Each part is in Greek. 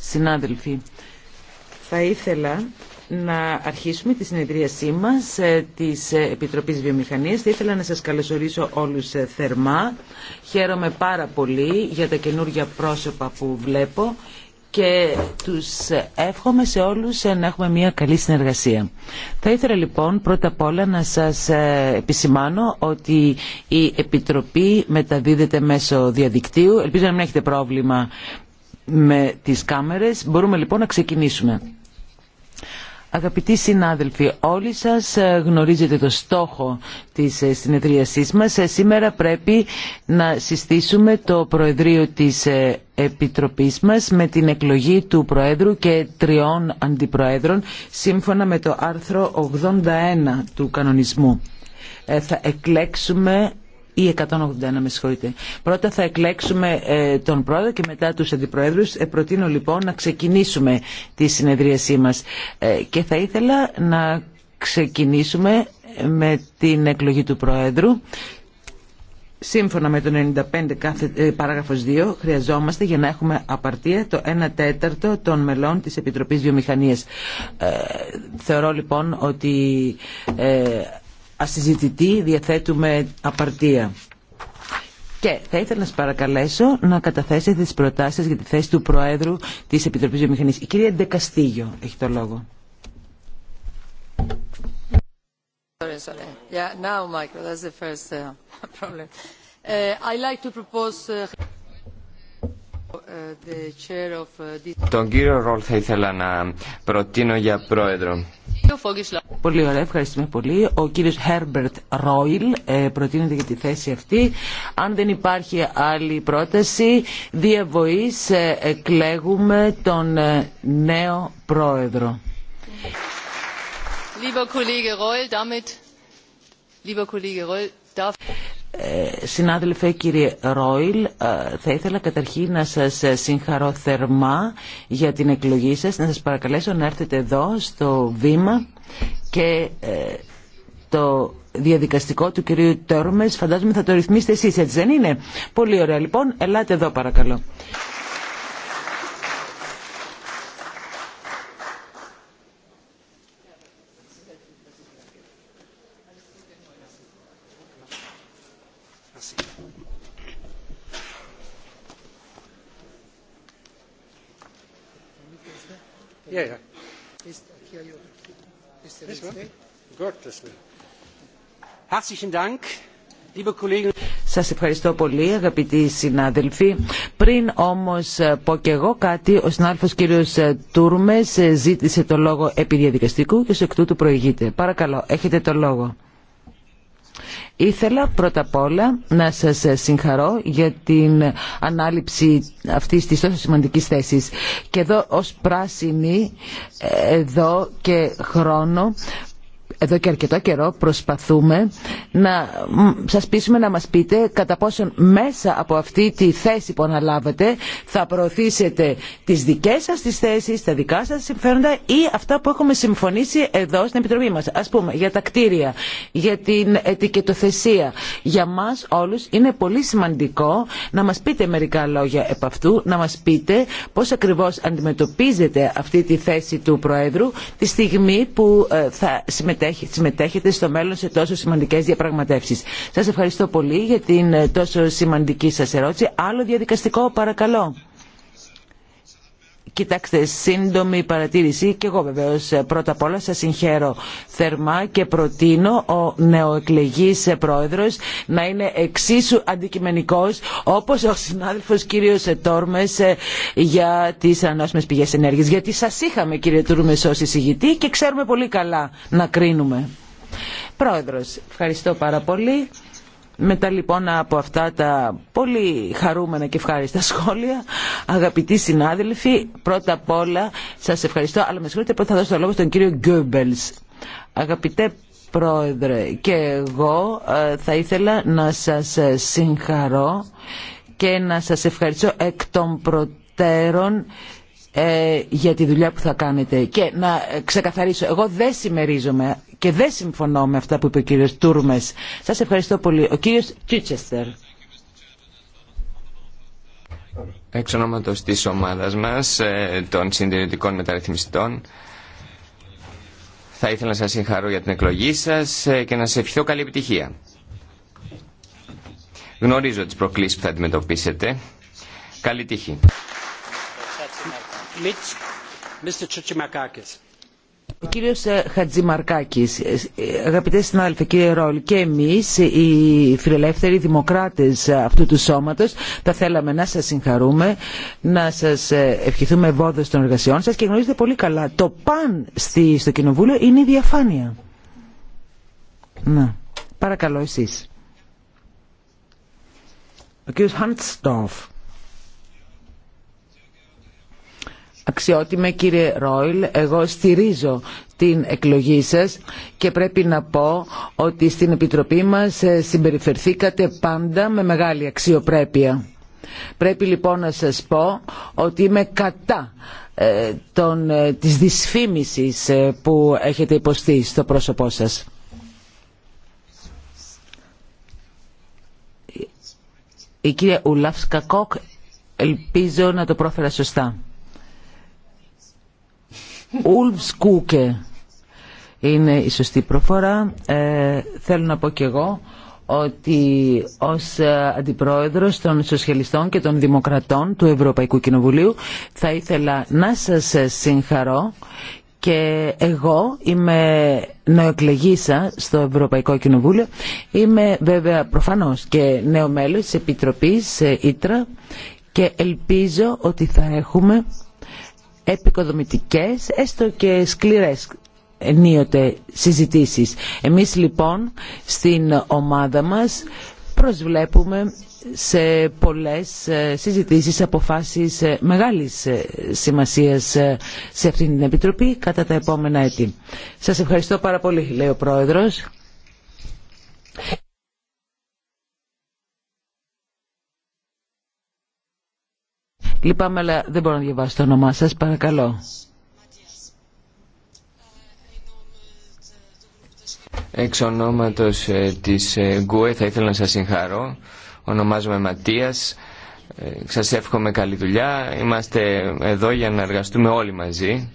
Συνάδελφοι, θα ήθελα να αρχίσουμε τη συνεδρίασή μας ε, της ε, Επιτροπής Βιομηχανίας. Θα ήθελα να σας καλωσορίσω όλους ε, θερμά. Χαίρομαι πάρα πολύ για τα καινούργια πρόσωπα που βλέπω και τους εύχομαι σε όλους να έχουμε μια καλή συνεργασία. Θα ήθελα λοιπόν πρώτα απ' όλα να σας ε, επισημάνω ότι η Επιτροπή μεταδίδεται μέσω διαδικτύου. Ελπίζω να μην έχετε πρόβλημα με τις κάμερες. Μπορούμε λοιπόν να ξεκινήσουμε. Αγαπητοί συνάδελφοι, όλοι σας ε, γνωρίζετε το στόχο της ε, συνεδρίασής μας. Ε, σήμερα πρέπει να συστήσουμε το Προεδρείο της Επιτροπής μας με την εκλογή του Προέδρου και τριών αντιπροέδρων σύμφωνα με το άρθρο 81 του κανονισμού. Θα εκλέξουμε ή 181 με συγχωρείτε. Πρώτα θα εκλέξουμε ε, τον πρόεδρο και μετά τους αντιπροέδρους. Ε, προτείνω λοιπόν να ξεκινήσουμε τη συνεδρίασή μας ε, και θα ήθελα να ξεκινήσουμε με την εκλογή του πρόεδρου. Σύμφωνα με τον 95 κάθε, παράγραφος 2 χρειαζόμαστε για να έχουμε απαρτία το 1 τέταρτο των μελών της Επιτροπής Βιομηχανίας. θεωρώ λοιπόν ότι ασυζητητή διαθέτουμε απαρτία. Και θα ήθελα να σα παρακαλέσω να καταθέσετε τις προτάσεις για τη θέση του Προέδρου της Επιτροπής Βιομηχανή. Η κυρία Ντεκαστήγιο έχει το λόγο. Τον κύριο Ρολ θα ήθελα να προτείνω για πρόεδρο. Πολύ ωραία, ευχαριστούμε πολύ. Ο κύριος Herbert Ρόιλ ε, προτείνεται για τη θέση αυτή. Αν δεν υπάρχει άλλη πρόταση, διαβοής ε, εκλέγουμε τον ε, νέο πρόεδρο. Ε, συνάδελφε κύριε Ρόιλ, ε, θα ήθελα καταρχήν να σας συγχαρώ θερμά για την εκλογή σας, να σας παρακαλέσω να έρθετε εδώ στο βήμα και ε, το διαδικαστικό του κυρίου Τόρμες φαντάζομαι θα το ρυθμίσετε εσείς, έτσι δεν είναι. Πολύ ωραία λοιπόν, ελάτε εδώ παρακαλώ. Σας ευχαριστώ πολύ αγαπητοί συνάδελφοι. Πριν όμως πω και εγώ κάτι, ο συνάδελφος κύριος Τούρμες ζήτησε το λόγο επί διαδικαστικού και σε εκ τούτου προηγείται. Παρακαλώ, έχετε το λόγο. Ήθελα πρώτα απ' όλα να σας συγχαρώ για την ανάληψη αυτής της τόσο σημαντικής θέσης. Και εδώ ως πράσινη, εδώ και χρόνο εδώ και αρκετό καιρό προσπαθούμε να σας πείσουμε να μας πείτε κατά πόσον μέσα από αυτή τη θέση που αναλάβετε θα προωθήσετε τις δικές σας τις θέσεις, τα δικά σας συμφέροντα ή αυτά που έχουμε συμφωνήσει εδώ στην Επιτροπή μας. Ας πούμε για τα κτίρια, για την ετικετοθεσία. Για μας όλους είναι πολύ σημαντικό να μας πείτε μερικά λόγια επ' αυτού, να μας πείτε πώς ακριβώς αντιμετωπίζετε αυτή τη θέση του Προέδρου τη στιγμή που ε, θα συμμετέχετε συμμετέχετε στο μέλλον σε τόσο σημαντικές διαπραγματεύσεις. Σας ευχαριστώ πολύ για την ε, τόσο σημαντική σας ερώτηση. Άλλο διαδικαστικό παρακαλώ. Κοιτάξτε, σύντομη παρατήρηση και εγώ βεβαίως ε, πρώτα απ' όλα σας συγχαίρω θερμά και προτείνω ο νεοεκλεγής ε, πρόεδρος να είναι εξίσου αντικειμενικός όπως ο συνάδελφος κύριος ε, Τόρμες για τις ανώσιμες πηγές ενέργειας. Γιατί σας είχαμε κύριε Τούρμες ως εισηγητή και ξέρουμε πολύ καλά να κρίνουμε. Πρόεδρος, ευχαριστώ πάρα πολύ. Μετά λοιπόν από αυτά τα πολύ χαρούμενα και ευχάριστα σχόλια, αγαπητοί συνάδελφοι, πρώτα απ' όλα σας ευχαριστώ, αλλά με συγχωρείτε πρώτα θα δώσω το λόγο στον κύριο Γκούμπελς. Αγαπητέ Πρόεδρε, και εγώ ε, θα ήθελα να σας ε, συγχαρώ και να σας ευχαριστώ εκ των προτέρων ε, για τη δουλειά που θα κάνετε. Και να ε, ξεκαθαρίσω, εγώ δεν συμμερίζομαι και δεν συμφωνώ με αυτά που είπε ο κύριος Τούρμες. Σας ευχαριστώ πολύ. Ο κύριος Τσίτσεστερ. Εξ ονόματος της ομάδας μας, ε, των συντηρητικών μεταρρυθμιστών, θα ήθελα να σας συγχαρώ για την εκλογή σας και να σας ευχηθώ καλή επιτυχία. Γνωρίζω τις προκλήσεις που θα αντιμετωπίσετε. Καλή τύχη. Ο κύριος ε, Χατζημαρκάκης, ε, ε, αγαπητέ συνάδελφε κύριε Ρόλ, και εμείς οι φιλελεύθεροι δημοκράτες αυτού του σώματος θα θέλαμε να σας συγχαρούμε, να σας ευχηθούμε βόδες των εργασιών σας και γνωρίζετε πολύ καλά, το παν στη, στο Κοινοβούλιο είναι η διαφάνεια. Να, παρακαλώ εσείς. Ο κύριος Χαντστόφ. Αξιότιμε κύριε Ρόιλ, εγώ στηρίζω την εκλογή σας και πρέπει να πω ότι στην Επιτροπή μας ε, συμπεριφερθήκατε πάντα με μεγάλη αξιοπρέπεια. Πρέπει λοιπόν να σας πω ότι είμαι κατά ε, των, ε, της δυσφήμισης ε, που έχετε υποστεί στο πρόσωπό σας. Η κυρία Ουλάφσκακοκ ελπίζω να το πρόφερα σωστά. Ουλβ Κούκε είναι η σωστή προφορά. Ε, θέλω να πω και εγώ ότι ως ε, Αντιπρόεδρος των Σοσιαλιστών και των Δημοκρατών του Ευρωπαϊκού Κοινοβουλίου θα ήθελα να σας συγχαρώ και εγώ είμαι νεοεκλεγήσα στο Ευρωπαϊκό Κοινοβούλιο. Είμαι βέβαια προφανώς και νέο μέλος της Επιτροπής ε, Ήτρα και ελπίζω ότι θα έχουμε επικοδομητικές, έστω και σκληρές ενίοτε συζητήσεις. Εμείς λοιπόν στην ομάδα μας προσβλέπουμε σε πολλές ε, συζητήσεις, αποφάσεις ε, μεγάλης ε, σημασίας σε αυτήν την Επιτροπή κατά τα επόμενα έτη. Σας ευχαριστώ πάρα πολύ, λέει ο Πρόεδρος. Λυπάμαι, αλλά δεν μπορώ να διαβάσω το όνομά σα. Παρακαλώ. Εξ ονόματος ε, της ε, Γκουέ θα ήθελα να σας συγχαρώ. Ονομάζομαι Ματίας. Ε, σας εύχομαι καλή δουλειά. Είμαστε εδώ για να εργαστούμε όλοι μαζί.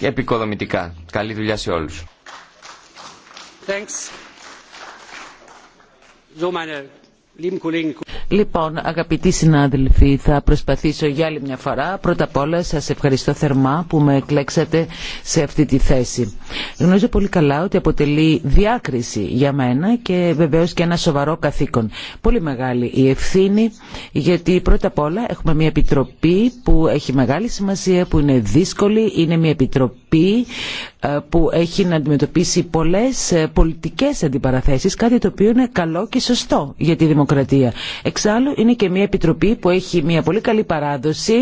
Επικοδομητικά. Καλή δουλειά σε όλους. Thanks. So, meine lieben Kollegen... Λοιπόν, αγαπητοί συνάδελφοι, θα προσπαθήσω για άλλη μια φορά. Πρώτα απ' όλα σας ευχαριστώ θερμά που με εκλέξατε σε αυτή τη θέση. Γνωρίζω πολύ καλά ότι αποτελεί διάκριση για μένα και βεβαίως και ένα σοβαρό καθήκον. Πολύ μεγάλη η ευθύνη, γιατί πρώτα απ' όλα έχουμε μια επιτροπή που έχει μεγάλη σημασία, που είναι δύσκολη, είναι μια επιτροπή ε, που έχει να αντιμετωπίσει πολλές ε, πολιτικές αντιπαραθέσεις, κάτι το οποίο είναι καλό και σωστό για τη δημοκρατία. Εξάλλου είναι και μια επιτροπή που έχει μια πολύ καλή παράδοση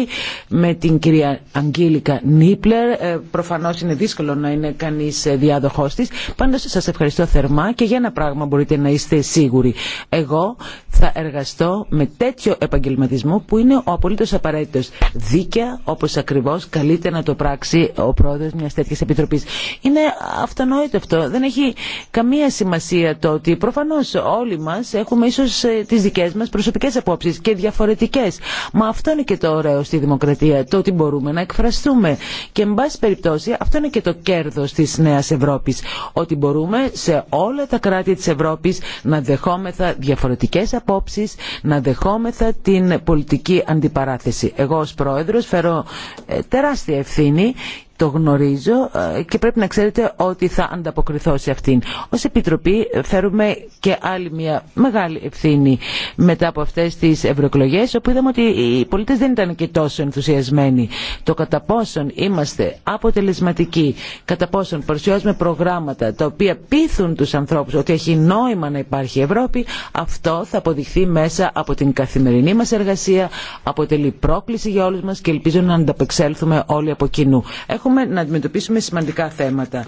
με την κυρία Αγγίλικα Νίπλερ. Ε, προφανώς είναι δύσκολο να είναι κανείς διάδοχός της. Πάντως σας ευχαριστώ θερμά και για ένα πράγμα μπορείτε να είστε σίγουροι. Εγώ θα εργαστώ με τέτοιο επαγγελματισμό που είναι ο απολύτως απαραίτητος. Δίκαια, όπως ακριβώς καλείται να το πράξει ο πρόεδρος μια τέτοια επιτροπή. Είναι αυτονόητο αυτό. Δεν έχει καμία σημασία το ότι προφανώ όλοι μα έχουμε ίσω ε, τι δικέ μα προσωπικέ απόψει και διαφορετικέ. Μα αυτό είναι και το ωραίο στη δημοκρατία, το ότι μπορούμε να εκφραστούμε. Και εν πάση περιπτώσει αυτό είναι και το κέρδο τη Νέα Ευρώπη. Ότι μπορούμε σε όλα τα κράτη τη Ευρώπη να δεχόμεθα διαφορετικέ απόψει, να δεχόμεθα την πολιτική αντιπαράθεση. Εγώ ω πρόεδρο, φέρω ε, τεράστια ευθύνη το γνωρίζω ε, και πρέπει να ξέρετε ότι θα ανταποκριθώ σε αυτήν. Ως Επιτροπή ε, φέρουμε και άλλη μια μεγάλη ευθύνη μετά από αυτές τις ευρωεκλογέ, όπου είδαμε ότι οι πολίτες δεν ήταν και τόσο ενθουσιασμένοι. Το κατά πόσον είμαστε αποτελεσματικοί, κατά πόσον παρουσιάζουμε προγράμματα τα οποία πείθουν τους ανθρώπους ότι έχει νόημα να υπάρχει η Ευρώπη, αυτό θα αποδειχθεί μέσα από την καθημερινή μας εργασία, αποτελεί πρόκληση για όλους μας και ελπίζω να ανταπεξέλθουμε όλοι από κοινού να αντιμετωπίσουμε σημαντικά θέματα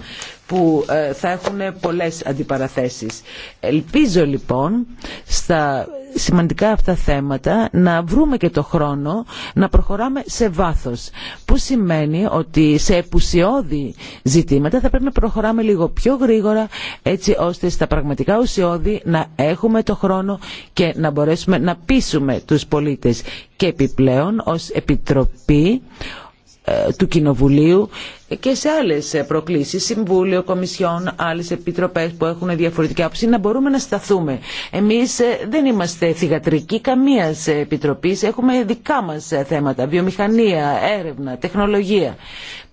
που ε, θα έχουν πολλές αντιπαραθέσεις. Ελπίζω λοιπόν στα σημαντικά αυτά θέματα να βρούμε και το χρόνο να προχωράμε σε βάθος που σημαίνει ότι σε επουσιώδη ζητήματα θα πρέπει να προχωράμε λίγο πιο γρήγορα έτσι ώστε στα πραγματικά ουσιώδη να έχουμε το χρόνο και να μπορέσουμε να πείσουμε τους πολίτες και επιπλέον ως Επιτροπή ε, του Κοινοβουλίου και σε άλλε προκλήσει, Συμβούλιο, Κομισιόν, άλλε επιτροπέ που έχουν διαφορετική άποψη, να μπορούμε να σταθούμε. Εμεί ε, δεν είμαστε θηγατρικοί καμία επιτροπή. έχουμε δικά μα ε, θέματα, βιομηχανία, έρευνα, τεχνολογία.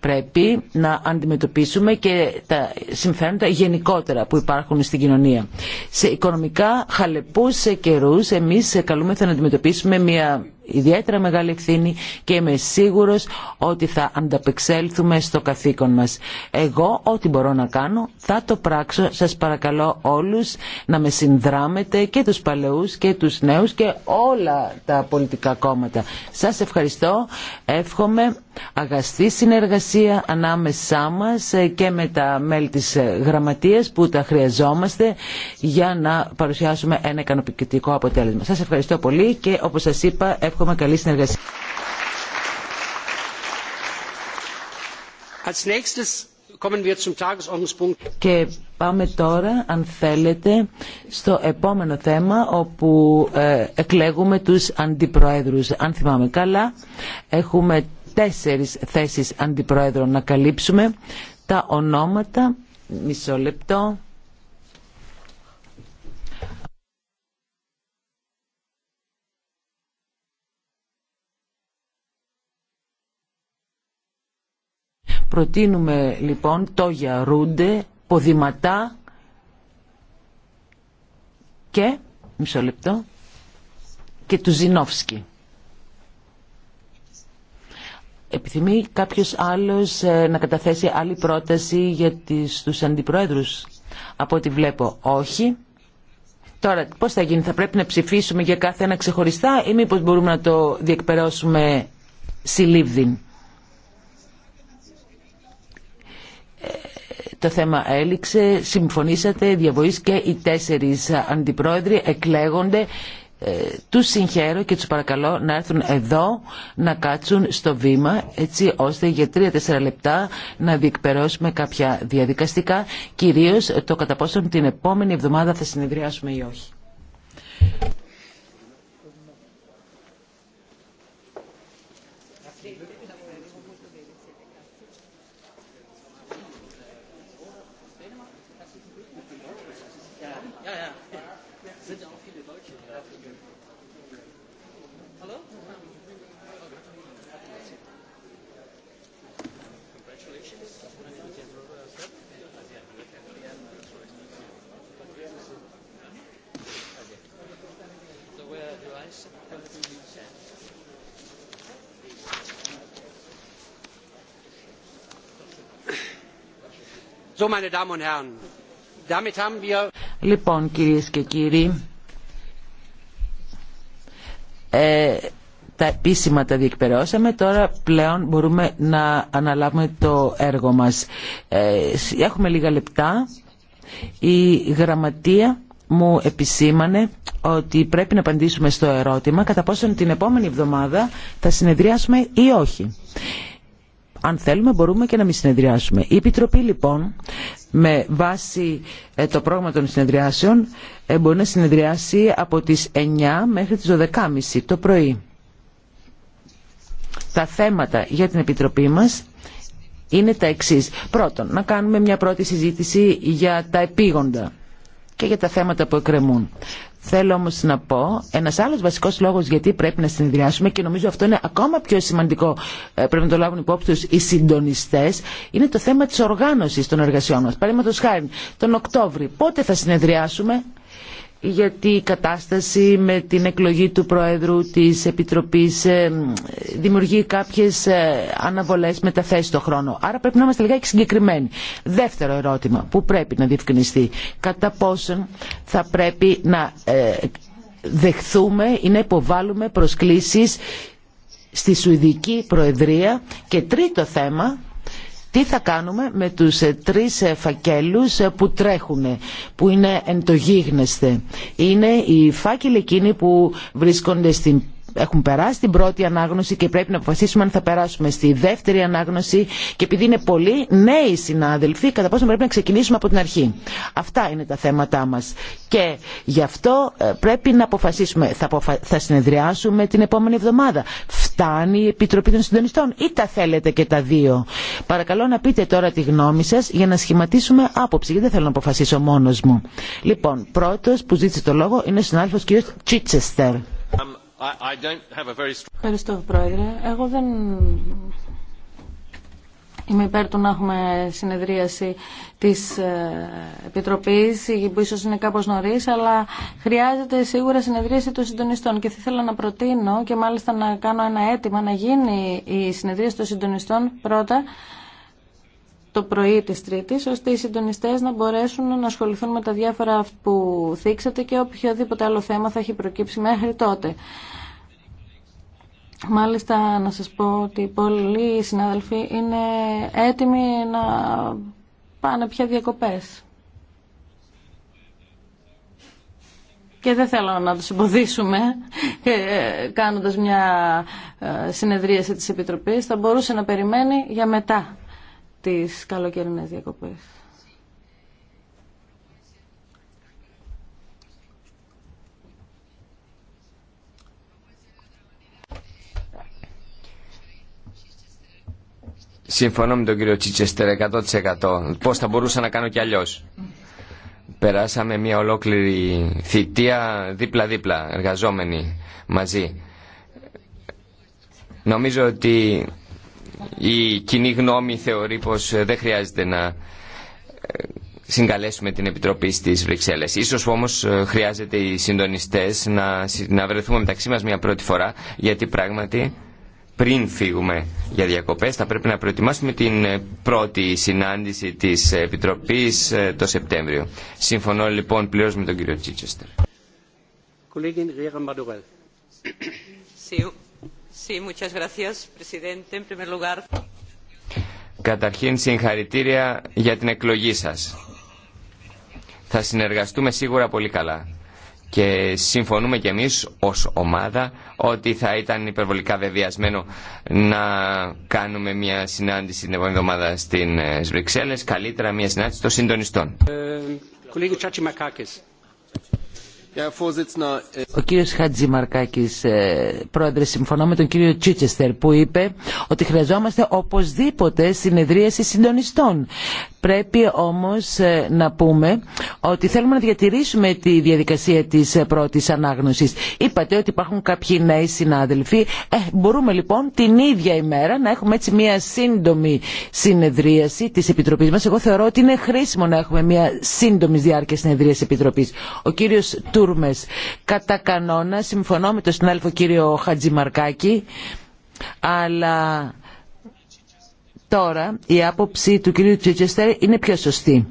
Πρέπει να αντιμετωπίσουμε και τα συμφέροντα γενικότερα που υπάρχουν στην κοινωνία. Σε οικονομικά χαλεπούς ε, καιρού. Εμεί καλούμεθα να αντιμετωπίσουμε μια ιδιαίτερα μεγάλη ευθύνη και είμαι σίγουρος ότι θα ανταπεξέλθουμε στο καθήκον μας. Εγώ ό,τι μπορώ να κάνω θα το πράξω. Σας παρακαλώ όλους να με συνδράμετε και τους παλαιούς και τους νέους και όλα τα πολιτικά κόμματα. Σας ευχαριστώ. Εύχομαι αγαστή συνεργασία ανάμεσά μας και με τα μέλη της γραμματείας που τα χρειαζόμαστε για να παρουσιάσουμε ένα ικανοποιητικό αποτέλεσμα. Σας ευχαριστώ πολύ και όπως σας είπα εύχομαι καλή συνεργασία. και πάμε τώρα, αν θέλετε, στο επόμενο θέμα όπου ε, εκλέγουμε τους αντιπροέδρους. Αν θυμάμαι καλά, έχουμε τέσσερις θέσεις αντιπροέδρων να καλύψουμε. Τα ονόματα, μισό λεπτό, Προτείνουμε λοιπόν το Ρούντε, ποδηματά και, μισό λεπτό, και του Ζινόφσκι. Επιθυμεί κάποιος άλλος ε, να καταθέσει άλλη πρόταση για τις, τους αντιπρόεδρους. Από ό,τι βλέπω όχι. Τώρα πώς θα γίνει, θα πρέπει να ψηφίσουμε για κάθε ένα ξεχωριστά ή μήπως μπορούμε να το διεκπαιρώσουμε συλλήβδιν. Το θέμα έληξε, συμφωνήσατε διαβοής και οι τέσσερις αντιπρόεδροι εκλέγονται. Ε, τους συγχαίρω και τους παρακαλώ να έρθουν εδώ να κάτσουν στο βήμα έτσι ώστε για τρία-τέσσερα λεπτά να διεκπαιρώσουμε κάποια διαδικαστικά κυρίως το κατά πόσον την επόμενη εβδομάδα θα συνεδριάσουμε ή όχι. Λοιπόν, κυρίες και κύριοι, ε, τα επίσημα τα διεκπαιρεώσαμε, τώρα πλέον μπορούμε να αναλάβουμε το έργο μας. Ε, έχουμε λίγα λεπτά. Η γραμματεία μου επισήμανε ότι πρέπει να απαντήσουμε στο ερώτημα κατά πόσον την επόμενη εβδομάδα θα συνεδριάσουμε ή όχι. Αν θέλουμε μπορούμε και να μην συνεδριάσουμε. Η Επιτροπή λοιπόν με βάση ε, το πρόγραμμα των συνεδριάσεων ε, μπορεί να συνεδριάσει από τις 9 μέχρι τις 12.30 το πρωί. Τα θέματα για την Επιτροπή μας είναι τα εξής. Πρώτον, να κάνουμε μια πρώτη συζήτηση για τα επίγοντα και για τα θέματα που εκκρεμούν. Θέλω όμως να πω, ένας άλλος βασικός λόγος γιατί πρέπει να συνεδριάσουμε και νομίζω αυτό είναι ακόμα πιο σημαντικό, ε, πρέπει να το λάβουν υπόψη τους οι συντονιστές, είναι το θέμα της οργάνωσης των εργασιών μας. Παραδείγματος χάρη, τον Οκτώβρη, πότε θα συνεδριάσουμε, γιατί η κατάσταση με την εκλογή του Προέδρου της Επιτροπής ε, δημιουργεί κάποιες ε, αναβολές μεταθέσεις το χρόνο. Άρα πρέπει να είμαστε λιγάκι συγκεκριμένοι. Δεύτερο ερώτημα που πρέπει να διευκρινιστεί. Κατά πόσον θα πρέπει να ε, δεχθούμε ή να υποβάλουμε προσκλήσεις στη Σουηδική Προεδρία και τρίτο θέμα τι θα κάνουμε με τους ε, τρεις ε, φακέλους ε, που τρέχουν, που είναι εν Είναι οι φάκελοι εκείνοι που βρίσκονται στην έχουν περάσει την πρώτη ανάγνωση και πρέπει να αποφασίσουμε αν θα περάσουμε στη δεύτερη ανάγνωση και επειδή είναι πολλοί νέοι συνάδελφοι κατά πόσο πρέπει να ξεκινήσουμε από την αρχή. Αυτά είναι τα θέματά μας και γι' αυτό πρέπει να αποφασίσουμε. Θα, θα συνεδριάσουμε την επόμενη εβδομάδα φτάνει η Επιτροπή των Συντονιστών ή τα θέλετε και τα δύο. Παρακαλώ να πείτε τώρα τη γνώμη σας για να σχηματίσουμε άποψη, γιατί δεν θέλω να αποφασίσω μόνος μου. Λοιπόν, πρώτος που ζήτησε το λόγο είναι ο συνάδελφος κ. Τσίτσεστερ. Um, Ευχαριστώ, Πρόεδρε. Εγώ δεν Είμαι υπέρ του να έχουμε συνεδρίαση της ε, Επιτροπής, που ίσως είναι κάπως νωρίς, αλλά χρειάζεται σίγουρα συνεδρίαση των συντονιστών. Και θα ήθελα να προτείνω και μάλιστα να κάνω ένα αίτημα να γίνει η συνεδρίαση των συντονιστών πρώτα, το πρωί της Τρίτης, ώστε οι συντονιστές να μπορέσουν να ασχοληθούν με τα διάφορα που θίξατε και οποιοδήποτε άλλο θέμα θα έχει προκύψει μέχρι τότε. Μάλιστα να σας πω ότι πολλοί συνάδελφοι είναι έτοιμοι να πάνε πια διακοπές. Και δεν θέλω να τους εμποδίσουμε ε, κάνοντας μια ε, συνεδρίαση της Επιτροπής. Θα μπορούσε να περιμένει για μετά τις καλοκαιρινές διακοπές. Συμφωνώ με τον κύριο Τσίτσεστερ 100%. Πώς θα μπορούσα να κάνω κι αλλιώς. Περάσαμε μια ολόκληρη θητεία δίπλα-δίπλα, εργαζόμενοι μαζί. Νομίζω ότι η κοινή γνώμη θεωρεί πως ε, δεν χρειάζεται να ε, συγκαλέσουμε την Επιτροπή στις Βρυξέλλες. Ίσως όμως ε, χρειάζεται οι συντονιστές να, να βρεθούμε μεταξύ μας μια πρώτη φορά, γιατί πράγματι πριν φύγουμε για διακοπές θα πρέπει να προετοιμάσουμε την ε, πρώτη συνάντηση της Επιτροπής ε, το Σεπτέμβριο. Συμφωνώ λοιπόν πλήρως με τον κύριο Τσίτσεστερ. Καταρχήν συγχαρητήρια για την εκλογή σας. Θα συνεργαστούμε σίγουρα πολύ καλά και συμφωνούμε κι εμείς ως ομάδα ότι θα ήταν υπερβολικά βεβαιασμένο να κάνουμε μια συνάντηση την επόμενη εβδομάδα στην ε, Βρυξέλλες, καλύτερα μια συνάντηση των συντονιστών. Ε, äh, Ο κύριος Χατζημαρκάκης, ε, πρόεδρε, συμφωνώ με τον κύριο Τσίτσεστερ που είπε ότι χρειαζόμαστε οπωσδήποτε συνεδρίαση συντονιστών. Πρέπει όμως ε, να πούμε ότι θέλουμε να διατηρήσουμε τη διαδικασία της ε, πρώτης ανάγνωσης. Είπατε ότι υπάρχουν κάποιοι νέοι συνάδελφοι. Ε, μπορούμε λοιπόν την ίδια ημέρα να έχουμε έτσι μια σύντομη συνεδρίαση της Επιτροπής μας. Εγώ θεωρώ ότι είναι χρήσιμο να έχουμε μια σύντομη διάρκεια συνεδρίας Επιτροπής. Ο κύριος Τούρμες, κατά κανόνα, συμφωνώ με τον συνάδελφο κύριο Χατζημαρκάκη, αλλά Τώρα η άποψη του κυρίου Τσίτσεστερ είναι πιο σωστή.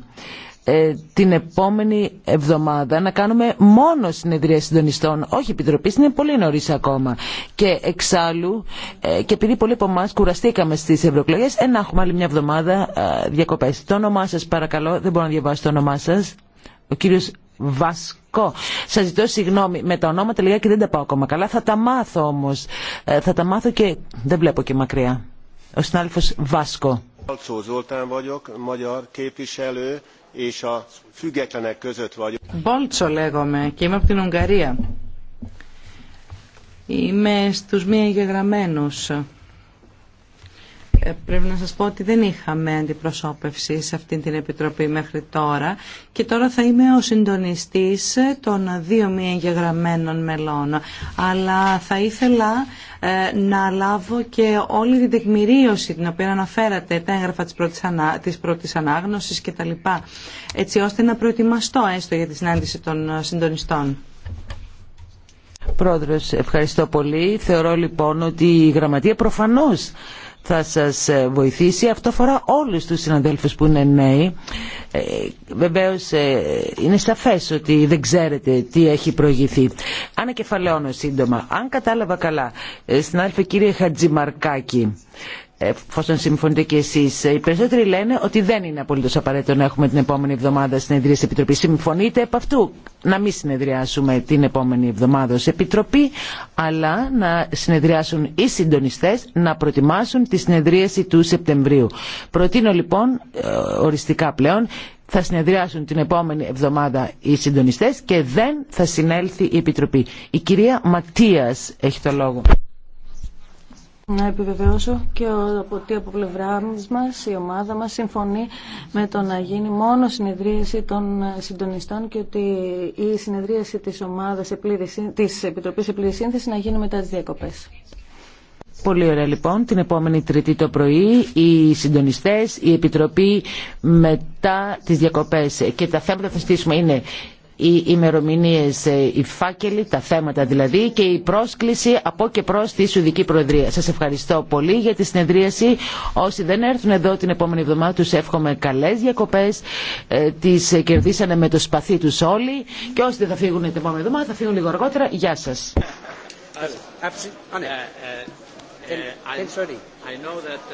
Ε, την επόμενη εβδομάδα να κάνουμε μόνο συνεδρία συντονιστών, όχι επιτροπή, είναι πολύ νωρί ακόμα. Και εξάλλου, ε, και επειδή πολλοί από εμά κουραστήκαμε στι ευρωεκλογέ, ε, να έχουμε άλλη μια εβδομάδα ε, διακοπέ. Το όνομά σα, παρακαλώ, δεν μπορώ να διαβάσω το όνομά σα. Ο κύριο Βασκό. Σα ζητώ συγγνώμη, με τα ονόματα λιγάκι δεν τα πάω ακόμα καλά. Θα τα μάθω όμω. Ε, θα τα μάθω και δεν βλέπω και μακριά. Ο συνάδελφος Βάσκο. Μπόλτσο λέγομαι και είμαι από την Ουγγαρία. Είμαι στους μη εγγεγραμμένους. Ε, πρέπει να σας πω ότι δεν είχαμε αντιπροσώπευση σε αυτή την Επιτροπή μέχρι τώρα και τώρα θα είμαι ο συντονιστής των δύο μη εγγεγραμμένων μελών. Αλλά θα ήθελα ε, να λάβω και όλη την τεκμηρίωση την οποία αναφέρατε, τα έγγραφα της πρώτης, ανά, της πρώτης ανάγνωσης κτλ. Έτσι ώστε να προετοιμαστώ έστω για τη συνάντηση των συντονιστών. Πρόεδρος, ευχαριστώ πολύ. Θεωρώ λοιπόν ότι η Γραμματεία προφανώς θα σας ε, βοηθήσει. Αυτό αφορά όλους τους συναδέλφους που είναι νέοι. Ε, βεβαίως ε, είναι σαφές ότι δεν ξέρετε τι έχει προηγηθεί. Ανακεφαλαιώνω σύντομα. Αν κατάλαβα καλά, στην κύριε Χατζημαρκάκη, εφόσον συμφωνείτε και εσεί. Ε, οι περισσότεροι λένε ότι δεν είναι απολύτω απαραίτητο να έχουμε την επόμενη εβδομάδα συνεδρία τη Επιτροπή. Συμφωνείτε επ' αυτού να μην συνεδριάσουμε την επόμενη εβδομάδα ω Επιτροπή, αλλά να συνεδριάσουν οι συντονιστέ να προετοιμάσουν τη συνεδρίαση του Σεπτεμβρίου. Προτείνω λοιπόν ε, οριστικά πλέον θα συνεδριάσουν την επόμενη εβδομάδα οι συντονιστές και δεν θα συνέλθει η Επιτροπή. Η κυρία Ματίας έχει το λόγο. Να επιβεβαιώσω και ότι από πλευρά μας η ομάδα μας συμφωνεί με το να γίνει μόνο συνεδρίαση των συντονιστών και ότι η συνεδρίαση της, ομάδας, τη Επιτροπής σε πλήρη σύνθεση να γίνει μετά τι διακοπές. Πολύ ωραία λοιπόν. Την επόμενη Τρίτη το πρωί οι συντονιστές, η Επιτροπή μετά τις διακοπές και τα θέματα θα στήσουμε είναι οι ημερομηνίες, οι φάκελοι, τα θέματα δηλαδή και η πρόσκληση από και προς τη Σουδική Προεδρία. Σας ευχαριστώ πολύ για τη συνεδρίαση. Όσοι δεν έρθουν εδώ την επόμενη εβδομάδα τους εύχομαι καλές διακοπές. Τις κερδίσανε με το σπαθί τους όλοι και όσοι δεν θα φύγουν την επόμενη εβδομάδα θα φύγουν λίγο αργότερα. Γεια σας.